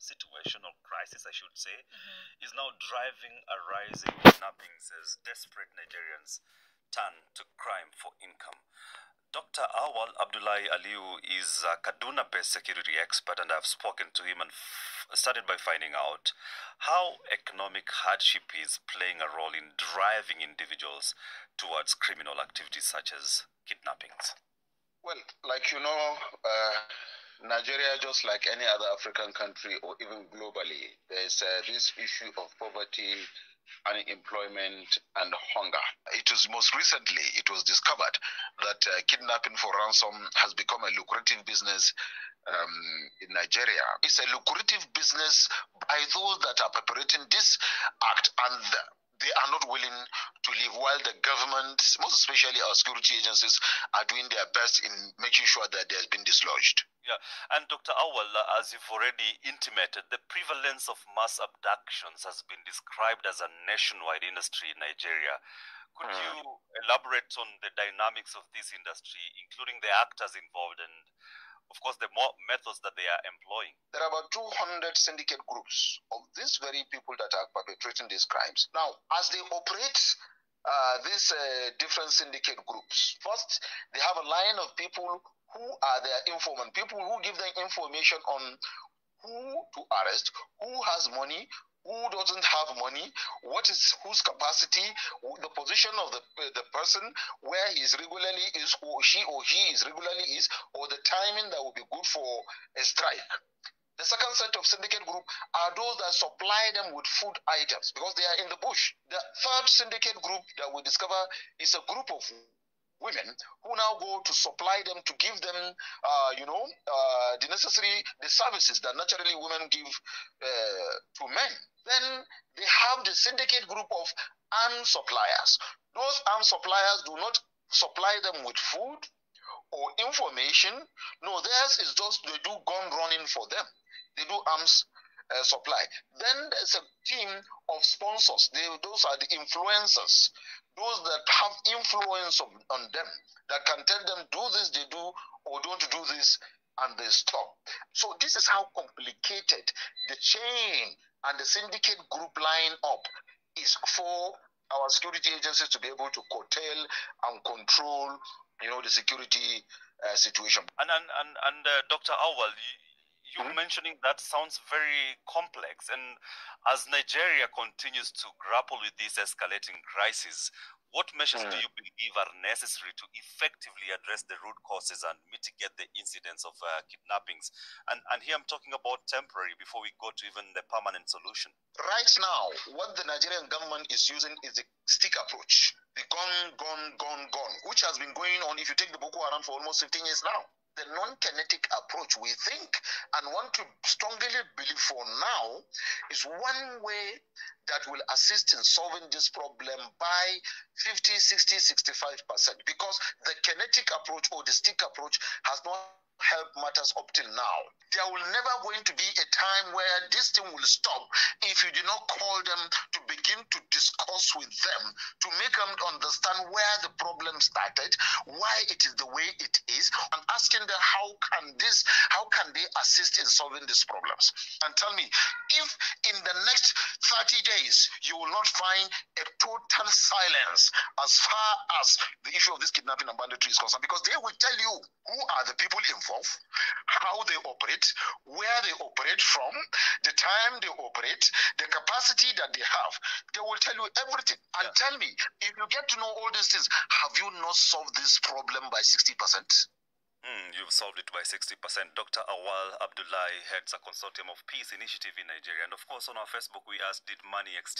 situation or crisis, I should say, mm-hmm. is now driving a rising in kidnappings as desperate Nigerians turn to crime for income. Dr. Awal Abdullahi Aliu is a Kaduna based security expert, and I've spoken to him and f- started by finding out how economic hardship is playing a role in driving individuals towards criminal activities such as kidnappings. Well, like you know, uh, Nigeria, just like any other African country or even globally, there's uh, this issue of poverty, unemployment, and hunger. It was most recently it was discovered that uh, kidnapping for ransom has become a lucrative business um, in Nigeria. It's a lucrative business by those that are perpetrating this act and. The, they are not willing to leave while the government, most especially our security agencies, are doing their best in making sure that they have been dislodged. Yeah, and Dr. Awal, uh, as you've already intimated, the prevalence of mass abductions has been described as a nationwide industry in Nigeria. Could mm. you elaborate on the dynamics of this industry, including the actors involved and, of course, the methods that they are employing? There are about 200 syndicate groups of these very people that are perpetrating these crimes. Now, as they operate uh, these uh, different syndicate groups. First, they have a line of people who are their informant, people who give them information on who to arrest, who has money, who doesn't have money, what is whose capacity, the position of the, the person, where he is regularly is, or she or he is regularly is, or the timing that would be good for a strike. The second set of syndicate group are those that supply them with food items because they are in the bush. The third syndicate group that we discover is a group of women who now go to supply them to give them uh, you know uh, the necessary the services that naturally women give uh, to men then they have the syndicate group of armed suppliers those armed suppliers do not supply them with food or information no theirs is just they do gun running for them they do arms uh, supply. Then there's a team of sponsors. They, those are the influencers those that have influence on, on them that can tell them do this they do or don't do this and they stop so this is how complicated the chain and the syndicate group line up is for our security agencies to be able to curtail and control you know the security uh, situation and and and, and uh, dr Awal, you mm mentioning that sounds very complex. And as Nigeria continues to grapple with this escalating crisis, what measures do hmm. you believe are necessary to effectively address the root causes and mitigate the incidence of uh, kidnappings? And, and here I'm talking about temporary before we go to even the permanent solution. Right now, what the Nigerian government is using is the stick approach the gone, gone, gone, gone, which has been going on if you take the Boko Haram for almost 15 years now the non-kinetic approach we think and want to strongly believe for now is one way that will assist in solving this problem by 50, 60, 65 percent because the kinetic approach or the stick approach has not help matters up till now. There will never going to be a time where this thing will stop if you do not call them to begin to discuss with them to make them understand where the problem started, why it is the way it is, and asking them how can this, how can they assist in solving these problems. And tell me if in the next 30 days you will not find a total silence as far as the issue of this kidnapping and banditry is concerned, because they will tell you who are the people involved how they operate, where they operate from, the time they operate, the capacity that they have. They will tell you everything. And yeah. tell me, if you get to know all these things, have you not solved this problem by 60%? Mm, you've solved it by 60%. Dr. Awal Abdullahi heads a consortium of peace initiative in Nigeria. And of course, on our Facebook, we asked, did money extend?